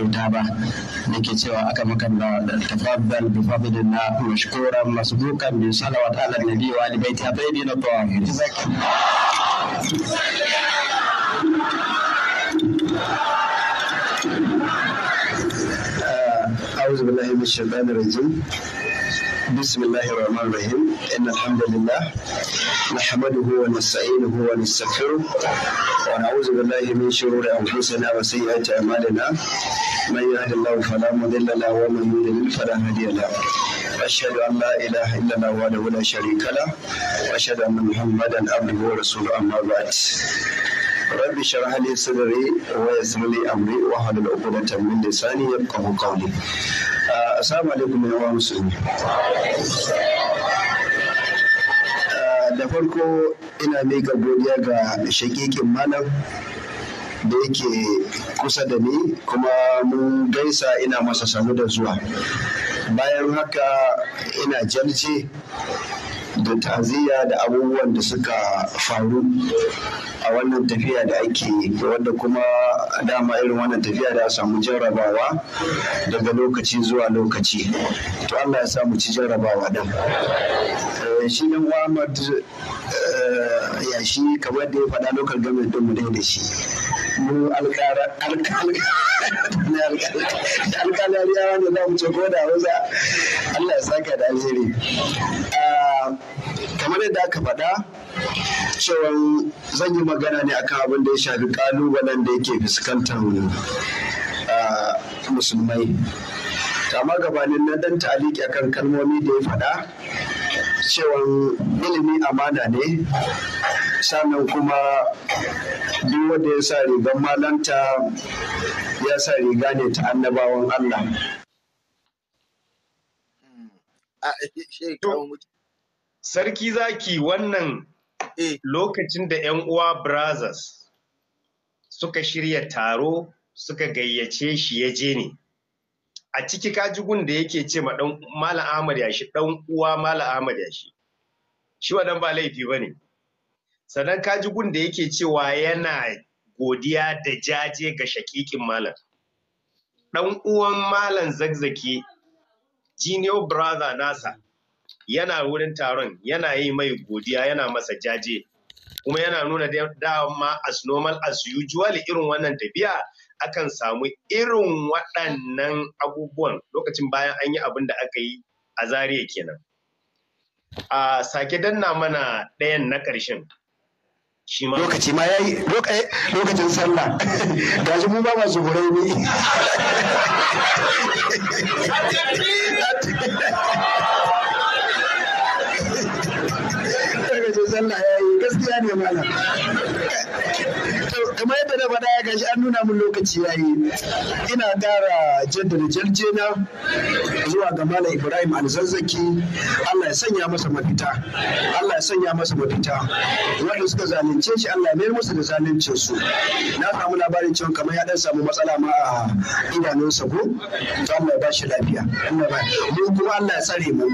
kyauta ba da ke cewa aka makalla da tafaddal bi fadlin na mashkuran masbukan bi salawat ala nabi wa ali baiti abaidi na tawahir أعوذ بالله من الشيطان الرجيم بسم الله الرحمن الرحيم إن الحمد لله نحمده ونستعينه ونستغفره ونعوذ بالله من شرور أنفسنا وسيئات أعمالنا من يهد الله فلا مضل له ومن يضلل فلا هادي له وأشهد أن لا إله إلا الله وحده لا شريك له وأشهد أن محمدا عبده ورسوله أما بعد rabbi sharh sirri sadri wa yassir li amri wa hlul 'uqdatan min lisani yafqahu qawli uh, assalamu alaikum ya musulmi uh, da farko ina mika godiya ga shakikin malam da yake kusa da ni kuma mun gaisa ina masa sanu da zuwa bayan haka ina jalje da ta'aziyya da abubuwan da suka faru a wannan tafiya da ake wanda kuma dama irin wannan tafiya da samu jarrabawa daga lokaci zuwa lokaci to Allah ya samu ci jarrabawa din eh, shi ne Muhammad eh, ya shi kamar da ya faɗa lokal gamin din mu dai da shi mu alƙara alƙalariya wanda za mu ce ko da wasa Allah ya saka da alheri ah, kamar yadda aka faɗa cewa zan yi magana ne akan abin da ya shafi ƙalubalen da yake fuskantar musulmai kama gabanin na dan taliki akan kalmomi da ya faɗa cewa ilimi amana ne sannan kuma duk wanda ya sa rigar malanta ya sa riga ne ta annabawan Allah. Hmm. Sarki zaki wannan eh. lokacin da 'yan uwa Brazos suka shirya taro suka gayyace shi ya je ne. A ciki kajigun da yake ce ma Malam Ahmad shi ɗan uwa Malam Ahmad ya Shi waɗan ba laifi ba ne. Sannan kajigun da yake cewa yana godiya da jaje ga shakikin Malam. Ɗan uwan Malam zagzaki, Junior Brother nasa. yana wurin taron yana yi mai godiya yana masa jaje kuma yana nuna dama as normal as usual irin wannan tafiya akan samu irin waɗannan abubuwan lokacin bayan an yi abin da aka yi a zariya kenan a sake danna mana ɗayan na ƙarshen Lokaci ma lokaci ma yayi eh, lokacin sallah gashi mu ba masu gurai ne ya yayi gaskiya ne malam kamar yadda na faɗa ya gashi an nuna min lokaci ya yi ina gara jaddada jarjena zuwa ga malam ibrahim alzazzaki allah ya sanya masa mafita allah ya sanya masa mafita wanda suka zalunce shi allah ya mayar musu da zaluncin su na samu labarin cewa kamar ya dan samu matsala ma a idanunsa ko to allah ya ba shi lafiya mu kuma allah ya tsare mu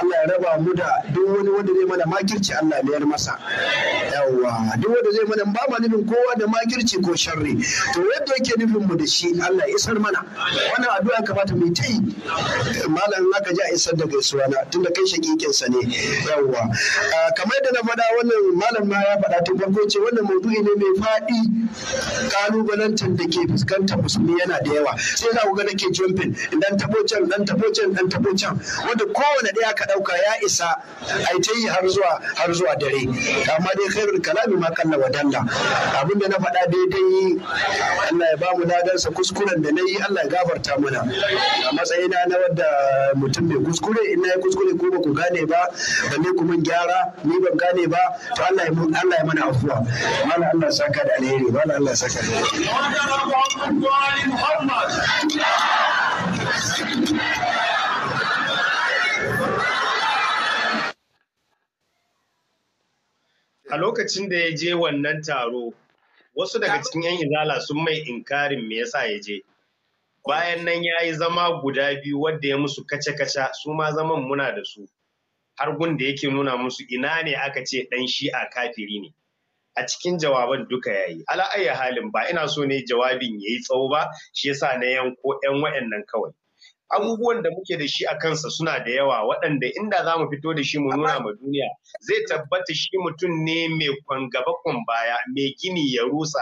allah ya raba mu da duk wani wanda zai mana makirci allah ya mayar masa yawwa duk wanda zai mana ba ma nufin kowa da ma makirci ko sharri to yadda yake nufin mu da shi Allah ya isar mana wannan addu'a kamata mu ta yi malam aka ji a isar da gaisuwa na tunda kai shakikin sa ne yawwa kamar yadda na faɗa wannan malam ma ya faɗa tun farko ce wannan maudu'i ne mai faɗi kalubalantar da ke fuskantar musulmi yana da yawa sai za ku ga nake jumping dan tabo can dan tabo can dan tabo can wanda kowane daya ka ɗauka ya isa ai ta yi har zuwa har zuwa dare amma dai khairul kalami ma kalla wadalla abinda na faɗa daidai Allah ya ba mu ladarsa kuskuren da na yi Allah ya gafarta mana a matsayina na wadda mutum mai kuskure in na yi kuskure ko ba ku gane ba balle kuma gyara ni ban gane ba to Allah ya Allah ya mana afuwa mala Allah saka da alheri mala Allah saka da alheri a lokacin da ya je wannan taro wasu daga cikin yan izala sun mai inkarin me yasa ya je bayan nan ya yi zama guda biyu wadda ya musu kace kaca su ma zaman muna da su har gun da yake nuna musu ina ne aka ce dan a kafiri ne a cikin jawaban duka ya yi ala halin ba ina so ne jawabin ya yi tsawo ba shi yasa na yanko yan wa'annan kawai abubuwan da muke da shi a kansa suna da yawa waɗanda inda za mu fito da shi mu nuna ma duniya zai tabbata shi mutum ne mai kwangaba baya mai gini ya rusa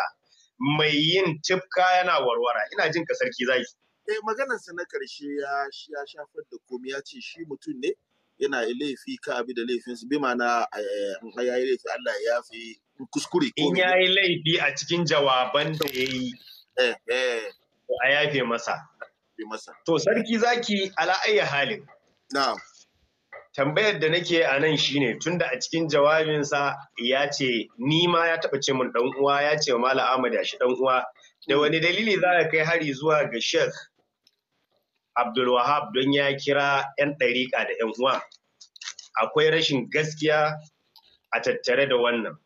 mai yin tifka yana warwara ina jin ka sarki zaki eh maganarsa na karshe ya ya shafar da komai ya ce shi mutum ne yana laifi ka abi da laifinsu bi mana eh, ya yi laifi Allah ya fi kuskure in ya yi laifi a cikin jawaban da ya yi eh, eh. a yafe masa masa. To sarki zaki ala ayya halin. Na'am. Tambayar da nake a nan shine tunda a cikin jawabinsa ya ce ni ma ya taɓa ce mun ɗan uwa ya ce wa Malam Ahmad ya shi dan uwa da wani dalili za ka kai hari zuwa ga Sheikh Abdulwahab don ya kira 'yan ɗariƙa da 'yan uwa. Akwai rashin gaskiya a tattare da wannan.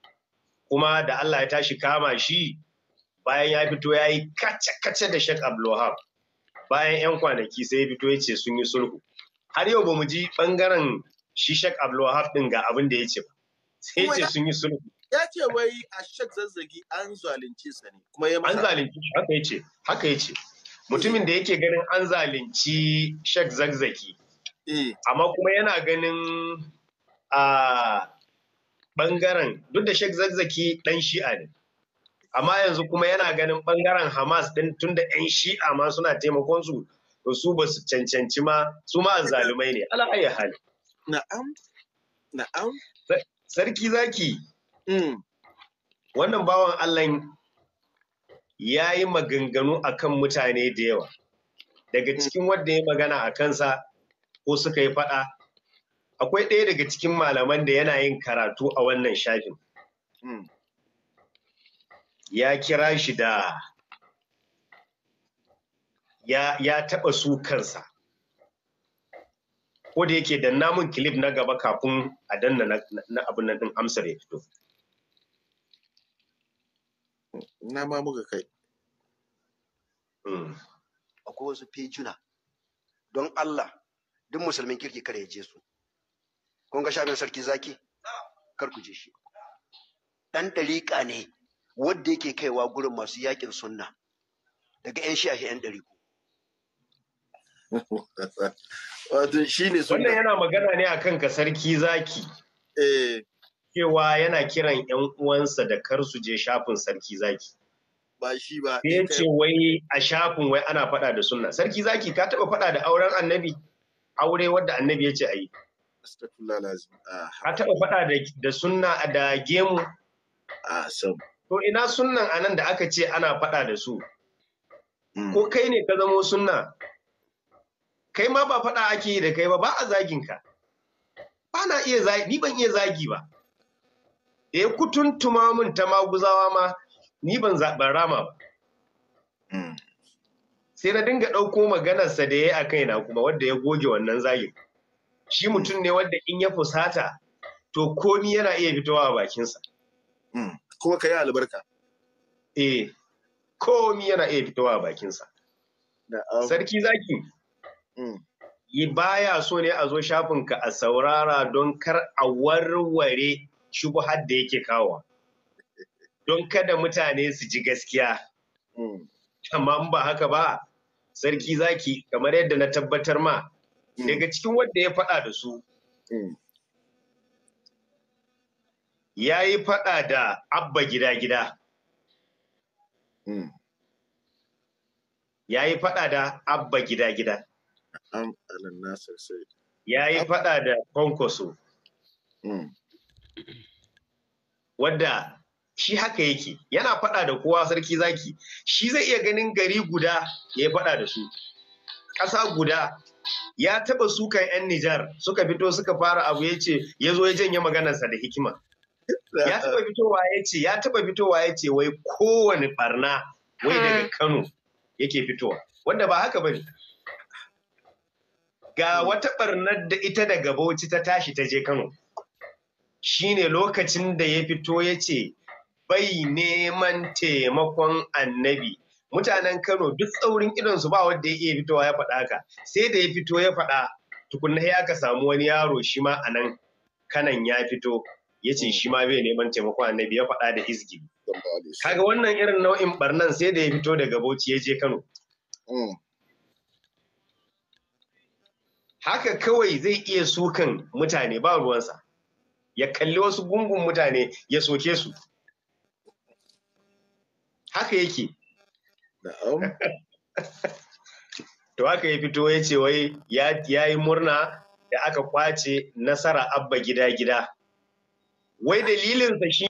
Kuma da Allah ya tashi kama shi bayan ya fito ya yi kace-kace da Sheikh Abdulwahab. bayan 'yan kwanaki sai ya fito ya ce sun yi sulhu har yau ba mu ji bangaren shishak abdulwahab din ga abin da ya ce ba sai ya ce sun yi sulhu ya ce wai a shak zazzagi an zalunci sa ne kuma ya an zalunci haka ya ce haka ya ce mutumin da yake ganin an zalunci shak zazzaki eh. amma kuma yana ganin a ah, bangaren duk da shek zazzaki dan shi'a ne amma yanzu kuma yana ganin bangaren Hamas din tunda 'yan shi'a ma suna taimakon su to su ba su cancanci ma su ma zalumai ne ala ayi hali na'am na'am sarki zaki mm. wannan bawan Allah ya yi maganganu akan mutane da yawa daga mm. cikin wanda ya magana a kansa ko suka yi faɗa akwai ɗaya daga cikin malaman da yana yin karatu a wannan shafin mm. ya kira shi da ya, ya taɓa su kansa ko da yake da namun kilif na gaba kafin a danna na, abin nan ɗin amsar ya fito na ma muka kai hmm. akwai wasu fejuna don Allah duk musulmin kirki kare je su kun ga shafin sarki zaki kar ku je shi dan dariƙa ne wadda yake kaiwa gurin masu yakin sunna daga 'yan shahi 'yan ɗari Wato shi ne sunna. Wannan yana magana ne akan ka sarki zaki. Eh. Cewa yana kiran 'yan uwansa da kar su je shafin sarki zaki. Ba shi ba. Sai ce wai a shafin wai ana faɗa da sunna. Sarki zaki ka taɓa faɗa da auren annabi? Aure wadda annabi ya ce a yi. Ah, ka taɓa faɗa da sunna da gemu? A ah, sabu. To ina sunnan anan da aka ce ana faɗa da su. Hmm. Ko kai ne ka zamo sunna. Kai ma ba faɗa ake da kai ba, ba a zagin Ba na iya zagi, ni ban iya zagi ba. Eh ya kutuntuma mun ta maguzawa ma, ni ban rama ba. Hmm. Sai na dinga ɗauko maganarsa da ya a kaina kuma wadda ya goge wannan zagin. Shi mutum ne wadda in ya fusata, to komi yana iya fitowa a bakinsa. Hmm. kuma ka yi albarka eh komi yana iya fitowa a bakinsa um, sarki zaki mm. yi baya so ne a zo shafinka a saurara don kar a warware shubuhar da yake kawo don kada mutane su ji gaskiya mm. amma ba haka ba sarki zaki kamar yadda na tabbatar ma mm. daga cikin wanda ya faɗa da su ya yi faɗa da abba gida-gida. Hmm. Ya yi faɗa da abba gida-gida. Ya yi faɗa da kwankwaso. Hmm. Wadda shi haka yake, yana faɗa da kowa sarki zaki, shi zai iya ganin gari guda ya yi faɗa da su. ƙasa guda ya taɓa sukan 'yan Nijar suka fito suka fara abu ya ce ya zo ya janye maganarsa da hikima. ya taba fitowa ya ce ya taba fitowa ya wai kowane barna wai hmm. daga Kano yake fitowa wanda ba haka bane ga hmm. wata barnar da ita daga Bauchi ta tashi ta je Kano shine lokacin da ya fito ya ce bai neman taimakon annabi mutanen Kano duk tsaurin idonsu ba wanda ya iya fitowa ya faɗa haka sai da ya fito ya faɗa tukunna ya aka samu wani yaro shi ma anan kanan ya fito ya ce hmm. shi ma bai neman taimakon annabi ya faɗa da izgi. kaga wannan irin nau'in barnan sai da ya fito daga bauchi ya je kano hmm. haka kawai zai iya sukan mutane ba ruwansa ya kalli wasu gungun mutane ya soke su haka yake to haka ya fito ya ce wai ya yi murna da aka kwace nasara abba gida-gida wai dalilinsa shi